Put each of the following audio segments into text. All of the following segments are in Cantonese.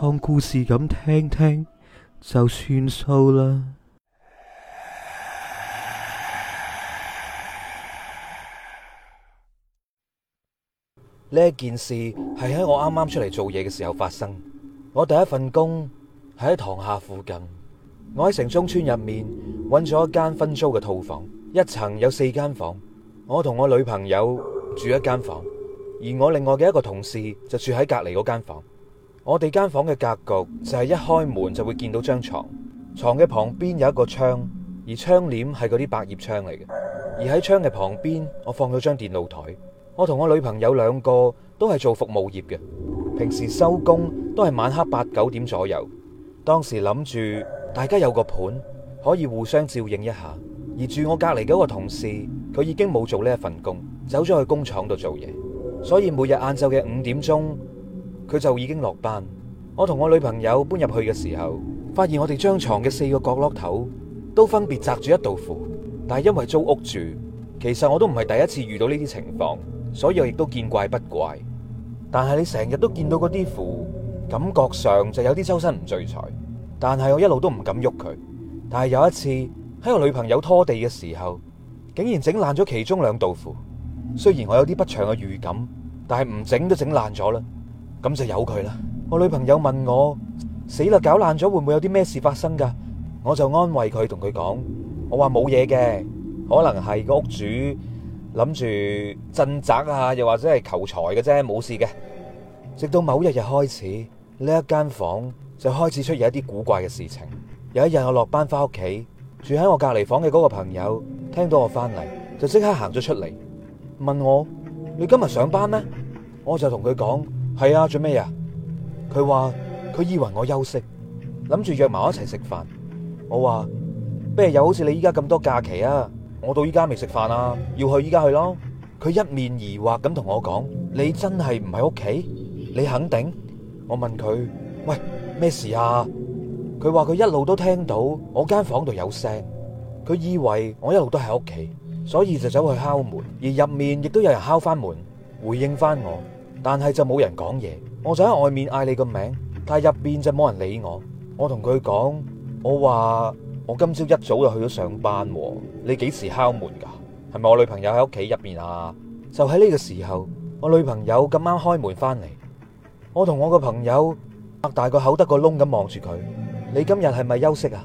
當故事咁聽聽就算數啦。呢件事係喺我啱啱出嚟做嘢嘅時候發生。我第一份工係喺塘廈附近，我喺城中村入面揾咗一間分租嘅套房，一層有四間房，我同我女朋友住一間房，而我另外嘅一個同事就住喺隔籬嗰間房。我哋間房嘅格局就係一開門就會見到張床，床嘅旁邊有一個窗，而窗簾係嗰啲百葉窗嚟嘅。而喺窗嘅旁邊，我放咗張電腦台。我同我女朋友兩個都係做服務業嘅，平時收工都係晚黑八九點左右。當時諗住大家有個伴，可以互相照應一下。而住我隔籬嗰個同事，佢已經冇做呢一份工，走咗去工廠度做嘢，所以每日晏晝嘅五點鐘。佢就已經落班。我同我女朋友搬入去嘅時候，發現我哋張床嘅四個角落頭都分別擲住一道符。但係因為租屋住，其實我都唔係第一次遇到呢啲情況，所以我亦都見怪不怪。但係你成日都見到嗰啲符，感覺上就有啲周身唔聚財。但係我一路都唔敢喐佢。但係有一次喺我女朋友拖地嘅時候，竟然整爛咗其中兩道符。雖然我有啲不祥嘅預感，但係唔整都整爛咗啦。咁就由佢啦。我女朋友問我死啦，搞爛咗會唔會有啲咩事發生噶？我就安慰佢，同佢講我話冇嘢嘅，可能係個屋主諗住鎮宅啊，又或者係求財嘅啫，冇事嘅。直到某一日開始呢一間房就開始出現一啲古怪嘅事情。有一日我落班翻屋企，住喺我隔籬房嘅嗰個朋友聽到我翻嚟，就即刻行咗出嚟問我：你今日上班咩？我就同佢講。係啊，做咩啊？佢話佢以為我休息，諗住約埋我一齊食飯。我話：不如又好似你依家咁多假期啊，我到依家未食飯啊，要去依家去咯。佢一面疑惑咁同我講：你真係唔喺屋企？你肯定？我問佢：喂，咩事啊？佢話佢一路都聽到我間房度有聲，佢以為我一路都喺屋企，所以就走去敲門，而入面亦都有人敲翻門回應翻我。但係就冇人講嘢，我就喺外面嗌你個名，但係入邊就冇人理我。我同佢講，我話我今朝一早就去咗上班，你幾時敲門噶？係咪我女朋友喺屋企入面啊？就喺呢個時候，我女朋友咁啱開門翻嚟，我同我個朋友擘大個口得個窿咁望住佢。你今日係咪休息啊？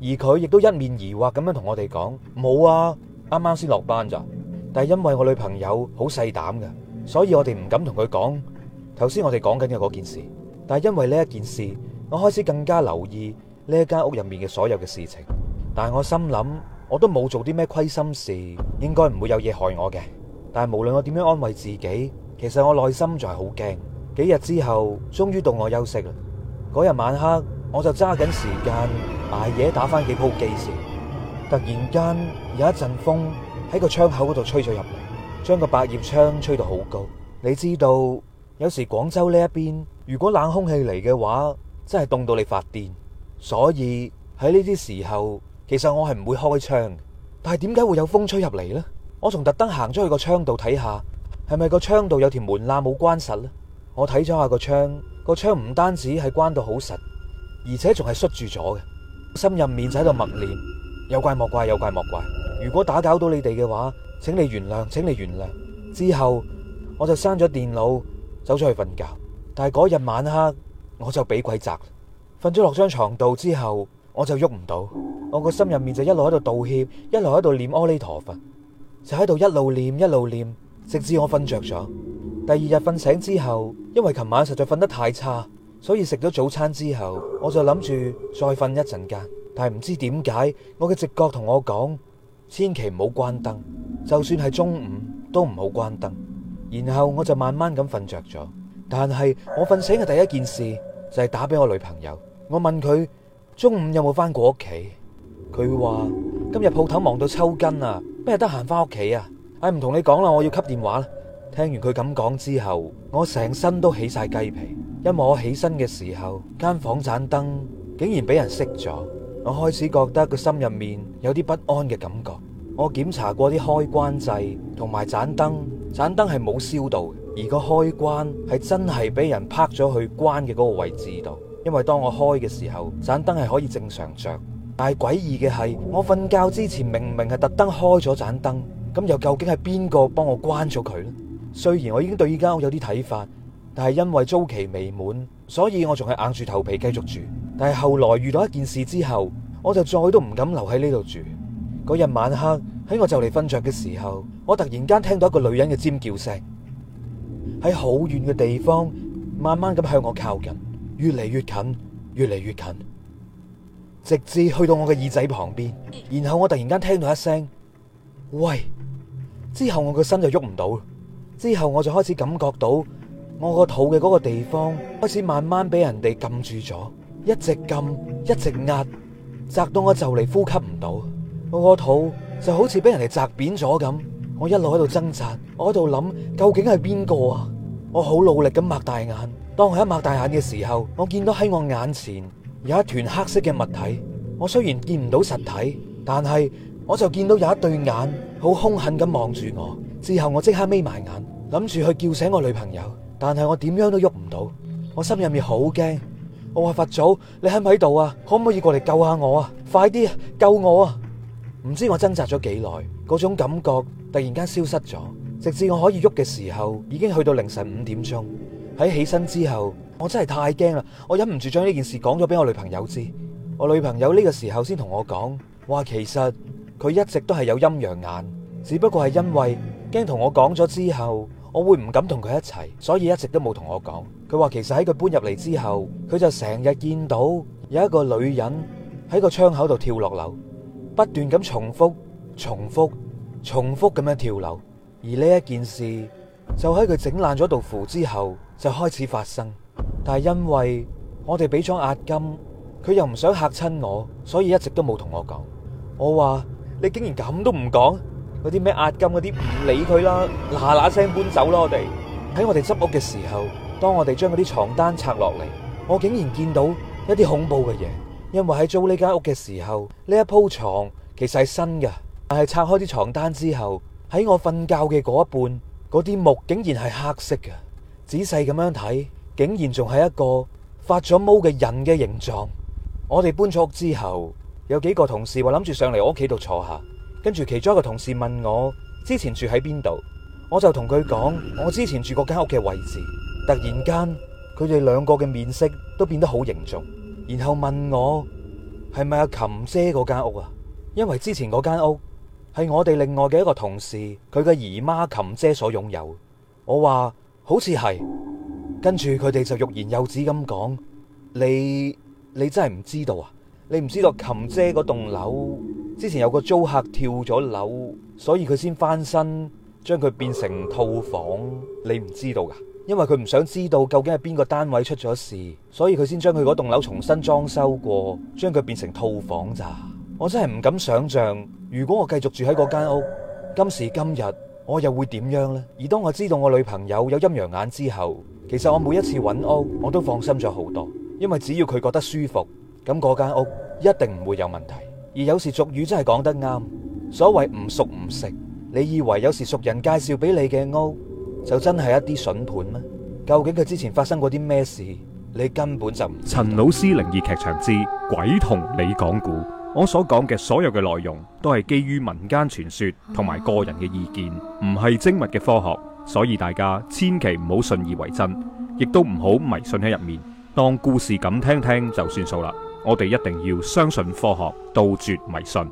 而佢亦都一面疑惑咁樣同我哋講：冇啊，啱啱先落班咋。但係因為我女朋友好細膽噶。所以我哋唔敢同佢講頭先我哋講緊嘅嗰件事，但係因為呢一件事，我開始更加留意呢一間屋入面嘅所有嘅事情。但係我心諗，我都冇做啲咩虧心事，應該唔會有嘢害我嘅。但係無論我點樣安慰自己，其實我內心就係好驚。幾日之後，終於到我休息啦。嗰日晚黑，我就揸緊時間捱夜打翻幾鋪機時。突然間有一陣風喺個窗口嗰度吹咗入嚟。將個百葉窗吹到好高，你知道有時廣州呢一邊如果冷空氣嚟嘅話，真係凍到你發癲。所以喺呢啲時候，其實我係唔會開窗。但係點解會有風吹入嚟呢？我仲特登行咗去個窗度睇下，係咪個窗度有條門罅冇關實呢？我睇咗下個窗，個窗唔單止係關到好實，而且仲係閂住咗嘅。心入面就喺度默念：有怪莫怪，有怪莫怪。如果打攪到你哋嘅話。請你原諒，請你原諒。之後我就閂咗電腦，走出去瞓覺。但係嗰日晚黑，我就俾鬼壓，瞓咗落張床度之後，我就喐唔到。我個心入面就一路喺度道歉，一路喺度念阿彌陀佛，就喺度一路念一路念，直至我瞓着咗。第二日瞓醒之後，因為琴晚實在瞓得太差，所以食咗早餐之後，我就諗住再瞓一陣間。但係唔知點解，我嘅直覺同我講。千祈唔好關燈，就算係中午都唔好關燈。然後我就慢慢咁瞓着咗。但係我瞓醒嘅第一件事就係、是、打俾我女朋友，我問佢中午有冇翻過屋企。佢話今日鋪頭忙到抽筋啊，咩得閒翻屋企啊？唉、哎，唔同你講啦，我要吸電話啦。聽完佢咁講之後，我成身都起晒雞皮，因為我起身嘅時候間房盞燈竟然俾人熄咗。我開始覺得個心入面有啲不安嘅感覺。我檢查過啲開關掣同埋盞燈，盞燈係冇燒到，而個開關係真係俾人拍咗去關嘅嗰個位置度。因為當我開嘅時候，盞燈係可以正常着，但係詭異嘅係，我瞓覺之前明明係特登開咗盞燈，咁又究竟係邊個幫我關咗佢呢？雖然我已經對依間屋有啲睇法，但係因為租期未滿，所以我仲係硬住頭皮繼續住。但係後來遇到一件事之後，我就再都唔敢留喺呢度住。嗰日晚黑，喺我就嚟瞓着嘅時候，我突然間聽到一個女人嘅尖叫聲，喺好遠嘅地方，慢慢咁向我靠近，越嚟越近，越嚟越近，直至去到我嘅耳仔旁邊。然後我突然間聽到一聲喂，之後我個身就喐唔到，之後我就開始感覺到我個肚嘅嗰個地方開始慢慢俾人哋撳住咗。一直撳，一直壓，砸到我就嚟呼吸唔到，我個肚就好似俾人哋砸扁咗咁。我一路喺度掙扎，我喺度諗究竟係邊個啊？我好努力咁擘大眼，當我一擘大眼嘅時候，我見到喺我眼前有一團黑色嘅物體。我雖然見唔到實體，但係我就見到有一對眼好兇狠咁望住我。之後我即刻眯埋眼，諗住去叫醒我女朋友，但係我點樣都喐唔到，我心入面好驚。我話佛祖，你喺唔喺度啊？可唔可以過嚟救下我啊？快啲啊，救我啊！唔知我掙扎咗幾耐，嗰種感覺突然間消失咗，直至我可以喐嘅時候，已經去到凌晨五點鐘。喺起身之後，我真係太驚啦！我忍唔住將呢件事講咗俾我女朋友知。我女朋友呢個時候先同我講，話其實佢一直都係有陰陽眼，只不過係因為驚同我講咗之後，我會唔敢同佢一齊，所以一直都冇同我講。佢話其實喺佢搬入嚟之後，佢就成日見到有一個女人喺個窗口度跳落樓，不斷咁重複、重複、重複咁樣跳樓。而呢一件事就喺佢整爛咗道符之後就開始發生。但係因為我哋俾咗押金，佢又唔想吓親我，所以一直都冇同我講。我話你竟然咁都唔講，嗰啲咩押金嗰啲唔理佢啦，嗱嗱聲搬走啦！我哋喺我哋執屋嘅時候。當我哋將嗰啲床單拆落嚟，我竟然見到一啲恐怖嘅嘢。因為喺租呢間屋嘅時候，呢一鋪床其實係新嘅，但係拆開啲床單之後，喺我瞓覺嘅嗰一半，嗰啲木竟然係黑色嘅。仔細咁樣睇，竟然仲係一個發咗毛嘅人嘅形狀。我哋搬咗屋之後，有幾個同事話諗住上嚟我屋企度坐下，跟住其中一個同事問我之前住喺邊度，我就同佢講我之前住嗰間屋嘅位置。突然間，佢哋兩個嘅面色都變得好凝重，然後問我係咪阿琴姐嗰間屋啊？因為之前嗰間屋係我哋另外嘅一個同事佢嘅姨媽琴姐所擁有。我話好似係，跟住佢哋就欲言又止咁講：你你真係唔知道啊？你唔知道琴姐嗰棟樓之前有個租客跳咗樓，所以佢先翻身將佢變成套房。你唔知道噶啊？因為佢唔想知道究竟係邊個單位出咗事，所以佢先將佢嗰棟樓重新裝修過，將佢變成套房咋。我真係唔敢想象，如果我繼續住喺嗰間屋，今時今日我又會點樣呢？而當我知道我女朋友有陰陽眼之後，其實我每一次揾屋，我都放心咗好多，因為只要佢覺得舒服，咁嗰間屋一定唔會有問題。而有時俗語真係講得啱，所謂唔熟唔食。你以為有時熟人介紹俾你嘅屋，就真係一啲筍盤咩？究竟佢之前發生過啲咩事？你根本就唔知。陳老師靈異劇場之「鬼同你講故」，我所講嘅所有嘅內容都係基於民間傳說同埋個人嘅意見，唔係精密嘅科學，所以大家千祈唔好信以為真，亦都唔好迷信喺入面，當故事咁聽聽就算數啦。我哋一定要相信科學，杜絕迷信。